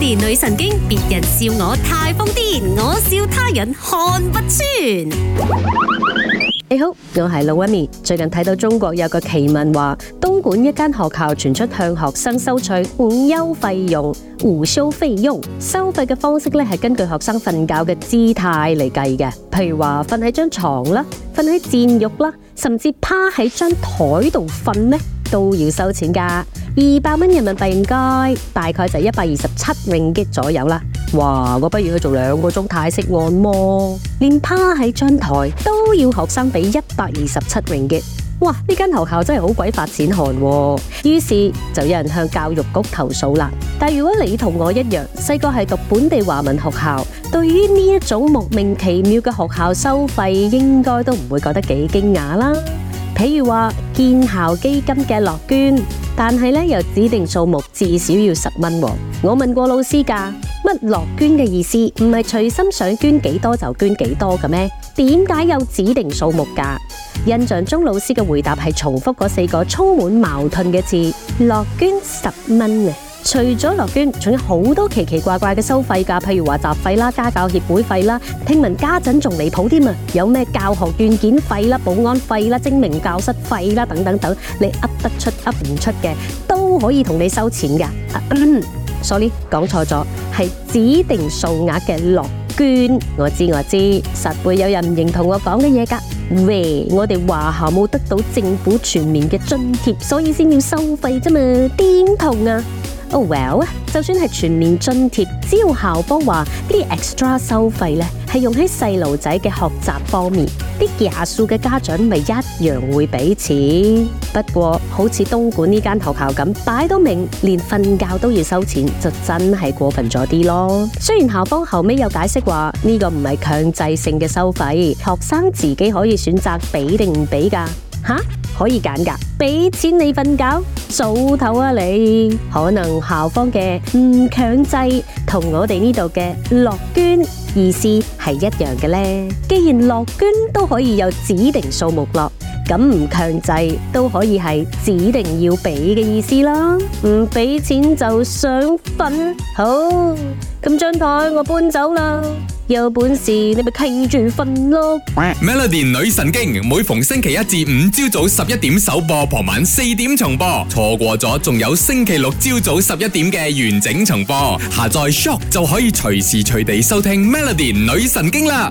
年女神經，別人笑我太瘋癲，我笑他人看不穿。你好，我係露安妮。最近睇到中國有個奇聞，話東莞一間學校傳出向學生收取午休費用，午休費用，收費嘅方式咧係根據學生瞓覺嘅姿態嚟計嘅。譬如話瞓喺張床啦，瞓喺墊褥啦，甚至趴喺張台度瞓咧，都要收錢噶。二百蚊人民幣唔該，大概就一百二十七令吉左右啦。哇！我不如去做兩個鐘泰式按摩，連趴喺張台都要學生俾一百二十七令吉。哇！呢間學校真係好鬼發展寒、啊。於是就有人向教育局投訴啦。但如果你同我一樣細個係讀本地華文學校，對於呢一種莫名其妙嘅學校收費，應該都唔會覺得幾驚訝啦。譬如話建校基金嘅樂捐。但係呢，有指定數目，至少要十蚊。我問過老師噶，乜樂捐嘅意思？唔係隨心想捐幾多就捐幾多噶咩？點解有指定數目噶？印象中老師嘅回答係重複嗰四個充滿矛盾嘅字：樂捐十蚊嘅。除咗樂捐，仲有好多奇奇怪怪嘅收費噶，譬如話雜費啦、家教協會費啦，聽聞家陣仲離譜添啊，有咩教學軟件費啦、保安費啦、精明教室費啦，等等等，你噏得出噏唔出嘅都可以同你收錢噶。所以講錯咗，係、嗯、指定數額嘅樂捐。我知我知，實會有人唔認同我講嘅嘢噶。喂，我哋華校冇得到政府全面嘅津貼，所以先要收費啫嘛，點同啊？哦、oh、w、Well, 就算係全面津貼，只要校方話呢啲 extra 收費咧，係用喺細路仔嘅學習方面，啲廿數嘅家長咪一樣會俾錢。不過，好似東莞呢間學校咁擺到明，連瞓覺都要收錢，就真係過分咗啲咯。雖然校方後尾有解釋話呢個唔係強制性嘅收費，學生自己可以選擇俾定唔俾噶。吓，可以揀噶，俾錢你瞓覺，早唞啊你！可能校方嘅唔強制，同我哋呢度嘅樂捐意思係一樣嘅咧。既然樂捐都可以有指定數目落，咁唔強制都可以係指定要俾嘅意思啦。唔俾錢就想瞓，好，咁張台我搬走啦。有本事你咪契住瞓咯。Melody 女神經每逢星期一至五朝早十一點首播，傍晚四點重播。錯過咗仲有星期六朝早十一點嘅完整重播。下載 SYOK 就可以隨時隨地收聽 Melody 女神經啦。